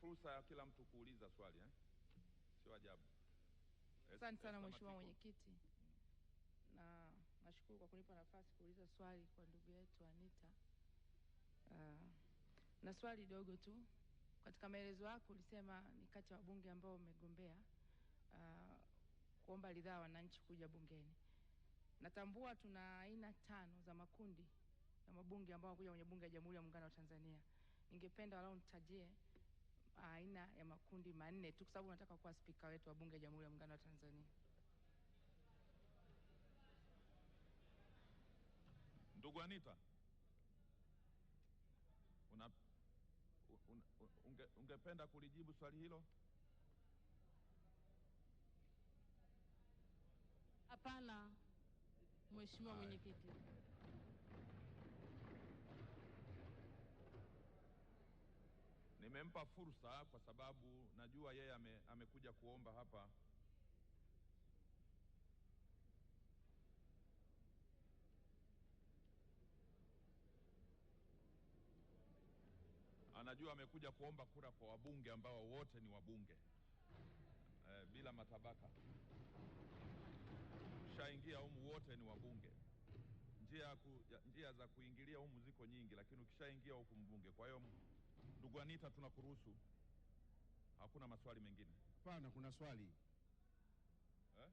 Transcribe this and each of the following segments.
fursa ya kila mtu kuuliza swali eh? Sio ajabu. Asante sana mheshimiwa mwenyekiti, mm. na nashukuru kwa kunipa nafasi kuuliza swali kwa ndugu yetu Anita. Uh, na swali dogo tu. Katika maelezo yako ulisema ni kati ya wabunge ambao umegombea uh, kuomba ridhaa wananchi kuja bungeni. Natambua tuna aina tano za makundi ya mabunge ambao wanakuja kwenye bunge la Jamhuri ya Muungano wa Tanzania. Ningependa walau nitajie aina ya makundi manne tu, kwa sababu unataka kuwa spika wetu wa Bunge la Jamhuri ya Muungano wa Tanzania. Ndugu Anita, una, un, unge, ungependa kulijibu swali hilo? Hapana, Mheshimiwa Mwenyekiti. Nimempa fursa kwa sababu najua yeye ame, amekuja kuomba hapa. Anajua amekuja kuomba kura kwa wabunge ambao wote ni wabunge e, bila matabaka. Ukishaingia humu wote ni wabunge. Njia, ku, njia za kuingilia humu ziko nyingi, lakini ukishaingia huku mbunge. Kwa hiyo Anita, tunakuruhusu. Hakuna maswali mengine? Hapana, kuna swali eh?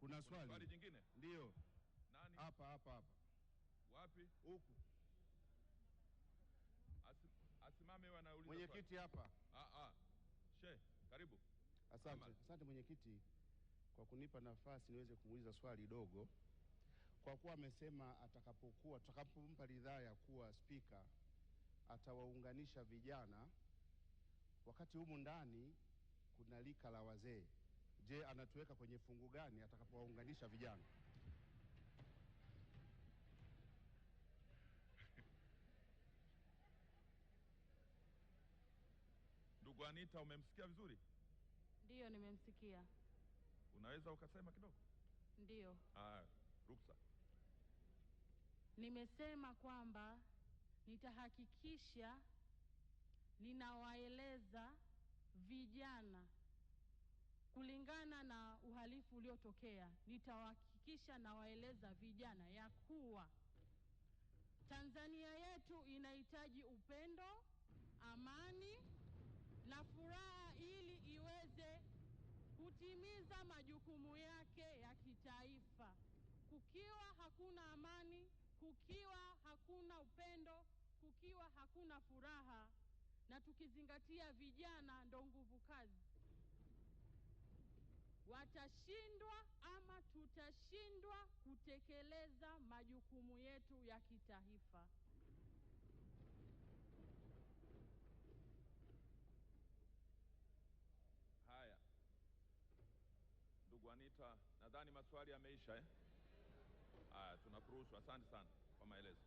Kuna swali, swali jingine? Ndio. Nani? Hapa hapa hapa. Wapi? Huku. Asimame wanauliza. Mwenyekiti hapa. Ah, ah. She, karibu. Asante, asante mwenyekiti kwa kunipa nafasi niweze kumuuliza swali dogo, kwa kuwa amesema atakapokuwa tutakapompa ridhaa ya kuwa spika atawaunganisha vijana, wakati humu ndani kuna lika la wazee. Je, anatuweka kwenye fungu gani atakapowaunganisha vijana? Ndugu Anita, umemsikia vizuri? Ndiyo, nimemsikia. Unaweza ukasema kidogo? Ndiyo. Ah, ruksa. Nimesema kwamba nitahakikisha ninawaeleza vijana kulingana na uhalifu uliotokea, nitawahakikisha nawaeleza vijana ya kuwa Tanzania yetu inahitaji upendo, amani na furaha ili iweze kutimiza majukumu yake ya kitaifa. Kukiwa hakuna amani, kukiwa hakuna upendo, kukiwa hakuna furaha na tukizingatia vijana ndo nguvu kazi, watashindwa ama tutashindwa kutekeleza majukumu yetu ya kitaifa. Haya, ndugu Anita, nadhani maswali yameisha eh? Haya, tunakuruhusu. Asante sana kwa maelezo.